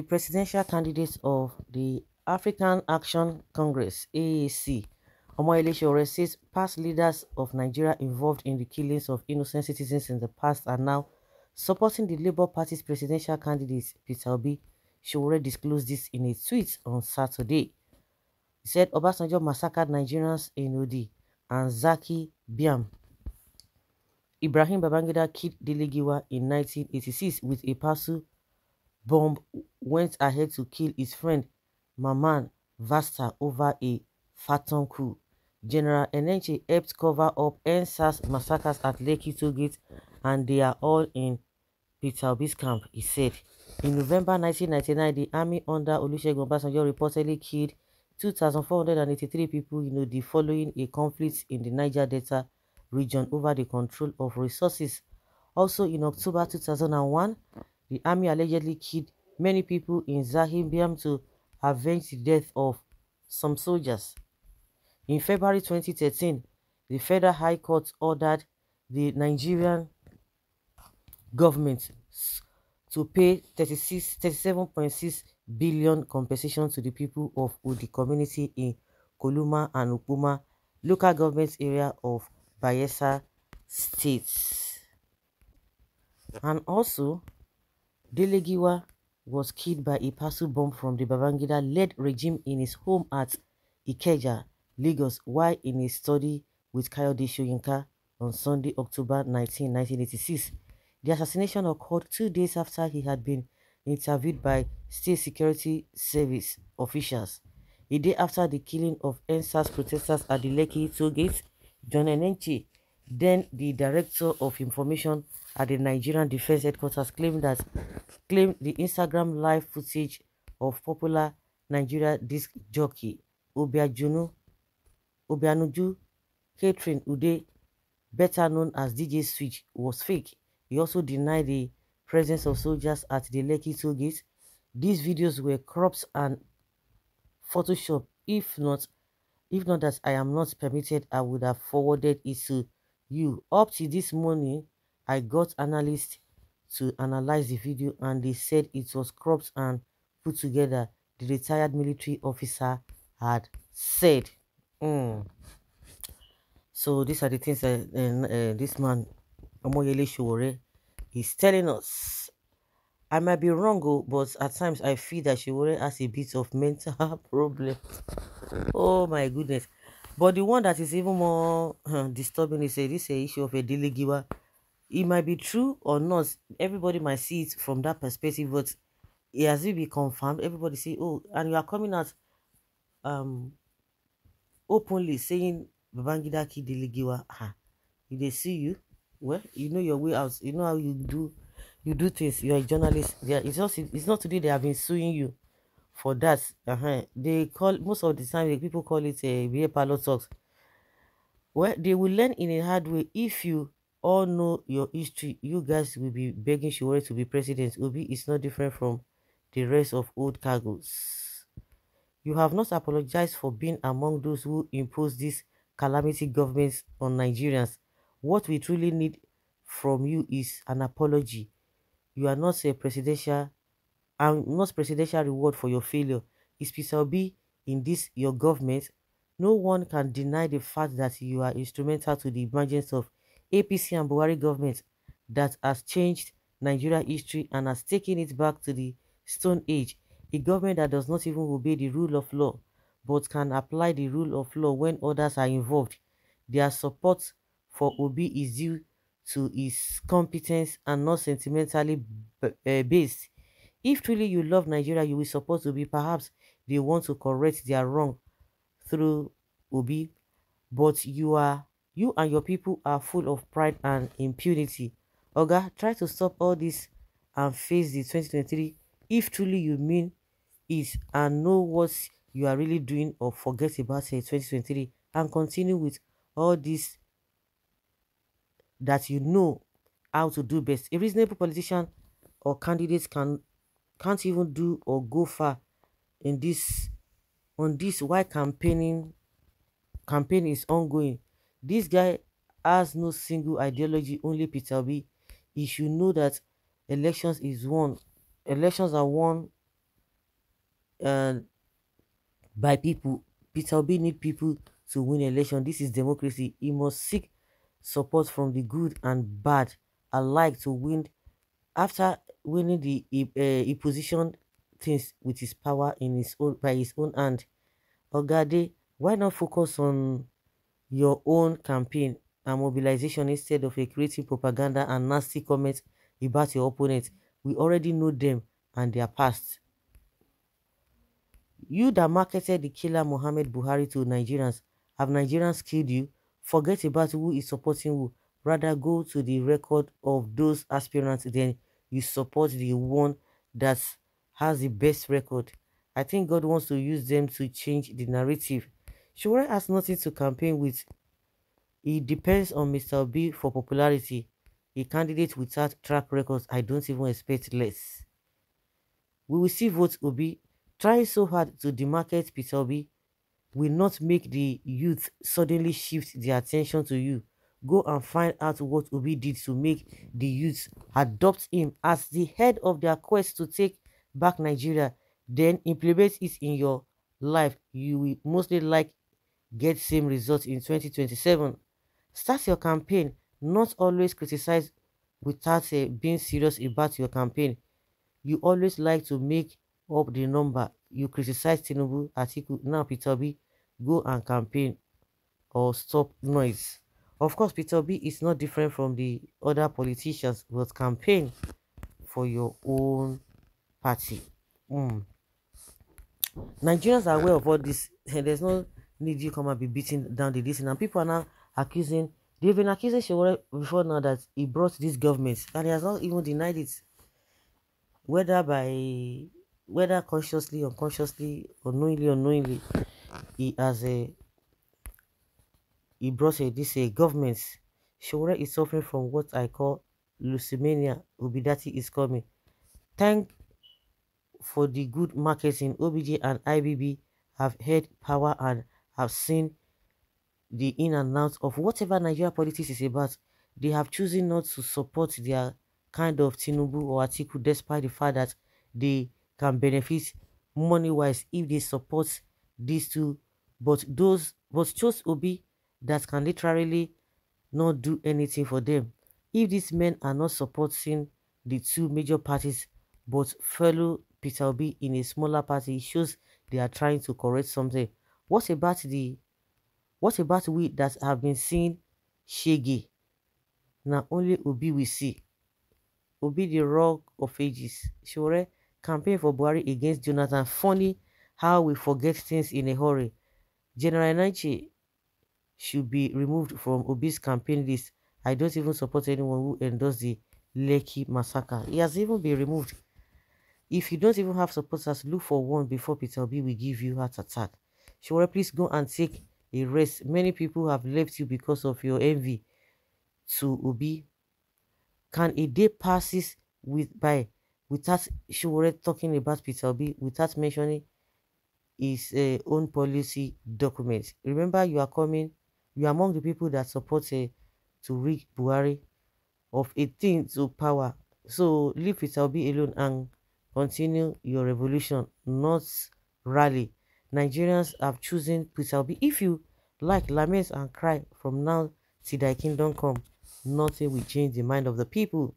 the presidential candidate of the African Action Congress (AAC), Omoyele Sowore says past leaders of Nigeria involved in the killings of innocent citizens in the past are now supporting the Labour Party's presidential candidate Peter Obi. Sowore disclosed this in a tweet on Saturday. He said Obasanjo massacred Nigerians in Odi and Zaki Biam. Ibrahim Babangida killed Delegiwa in 1986 with a parcel bomb went ahead to kill his friend Maman Vasta over a phantom coup. General Enenche helped cover up NSAS massacres at Lake Gate and they are all in Peter Obi's camp, he said. In November 1999, the army under Olusegun Obasanjo reportedly killed 2,483 people in the following a conflict in the Niger Delta region over the control of resources. Also in October 2001, the army allegedly killed many people in Zahebiam to avenge the death of some soldiers. In February 2013, the Federal High Court ordered the Nigerian government to pay 37.6 billion compensation to the people of Udi community in Koluma and Upuma local government area of Bayelsa states. And also, Delegiwa was killed by a parcel bomb from the Babangida-led regime in his home at Ikeja, Lagos, while in a study with Kayode Shuinka on Sunday, October 19, 1986. The assassination occurred two days after he had been interviewed by state security service officials. A day after the killing of NSAS protesters at the Lekki toll gate, John Enenchi, then the director of information at the Nigerian Defense Headquarters claimed that claimed the Instagram live footage of popular Nigeria disc jockey Obiajunu Obianuju Catherine Ude, better known as DJ Switch, was fake. He also denied the presence of soldiers at the Lekki toll gate. These videos were crops and Photoshop. If not, if not that I am not permitted, I would have forwarded it to you. Up to this morning, I got analysts to analyze the video and they said it was cropped and put together, the retired military officer had said. Mm. So these are the things that uh, uh, this man, Omoyele Shuwore, is telling us. I might be wrong, oh, but at times I feel that Shuwore has a bit of mental problem. oh my goodness. But the one that is even more eh, disturbing is uh, this uh, issue of a daily giver it might be true or not. Everybody might see it from that perspective, but it has to be confirmed. Everybody say, "Oh," and you are coming out um openly saying Babangida Kidiligiwa. Ah, if they see you, well, you know your way out. You know how you do, you do things. You are a journalist. Yeah, it's just it's not today they have been suing you for that. Uh-huh. They call most of the time the people call it uh, a beer parlor talks. Well, they will learn in a hard way if you all know your history. You guys will be begging Shiwori to be president. Obi is not different from the rest of old cargoes. You have not apologized for being among those who imposed these calamity governments on Nigerians. What we truly need from you is an apology. You are not a presidential and not presidential reward for your failure. Is Peter Obi in this your government? No one can deny the fact that you are instrumental to the emergence of APC and Buhari government that has changed Nigeria history and has taken it back to the Stone Age, a government that does not even obey the rule of law but can apply the rule of law when others are involved. Their support for Obi is due to his competence and not sentimentally eh, based. If truly you love Nigeria, you will support Obi. Perhaps they want to correct their wrong through Obi, but you are you and your people are full of pride and impunity. Oga, try to stop all this and face the 2023 if truly you mean it and know what you are really doing or forget about say 2023 and continue with all this that you know how to do best. A reasonable politician or candidates can can't even do or go far in this on this why campaigning campaign is ongoing this guy has no single ideology, only Peter B. He should know that elections is won. Elections are won uh, by people. Peter B. need people to win election. This is democracy. He must seek support from the good and bad alike to win. After winning the, he, uh, he positioned things with his power in his own by his own hand. Ogade, why not focus on your own campaign and mobilization instead of a creative propaganda and nasty comments about your opponent. We already know them and their past. You that marketed the killer Mohammed Buhari to Nigerians, have Nigerians killed you? Forget about who is supporting who. Rather go to the record of those aspirants then you support the one that has the best record. I think God wants to use them to change the narrative Shura has nothing to campaign with. It depends on Mr. B for popularity. A candidate without track records, I don't even expect less. We will see votes. Obi trying so hard to demarket Peter Obi will not make the youth suddenly shift their attention to you. Go and find out what Obi did to make the youth adopt him as the head of their quest to take back Nigeria. Then implement it in your life. You will mostly like get same results in 2027. Start your campaign, not always criticize without uh, being serious about your campaign. You always like to make up the number. You criticize Tinubu, Atiku, now Peter B, go and campaign or stop noise. Of course, Peter B is not different from the other politicians, but campaign for your own party. Mm. Nigerians are aware of all this. There's no need you come and be beaten down the this and people are now accusing they've been accusing Shewore before now that he brought this government and he has not even denied it whether by whether consciously unconsciously or knowingly unknowingly he has a he brought a this a government Shewore is suffering from what I call leukemia Obidati is coming thank for the good marketing OBJ and IBB have had power and have seen the in and out of whatever Nigeria politics is about, they have chosen not to support their kind of Tinubu or Atiku despite the fact that they can benefit money-wise if they support these two. But those but chose Obi that can literally not do anything for them. If these men are not supporting the two major parties but fellow Peter Obi in a smaller party, it shows they are trying to correct something. What about the what about we that have been seeing shaggy? Now only Obi we see. Obi the rock of ages. Sure, campaign for Buhari against Jonathan. Funny how we forget things in a hurry. General Nanchi should be removed from Obi's campaign list. I don't even support anyone who endorsed the Lekki massacre. He has even been removed. If you don't even have supporters, look for one before Peter Obi will give you heart attack. Shewora, please go and take a rest. Many people have left you because of your envy to Obi. Can a day passes with by without Shewora talking about Peter Obi without mentioning his uh, own policy document? Remember, you are coming. You are among the people that support uh, to rig Buhari of 18 to power. So leave Peter Obi alone and continue your revolution, not rally Nigerians have chosen Peter Obi. If you like, lament and cry from now till thy kingdom come, nothing will change the mind of the people.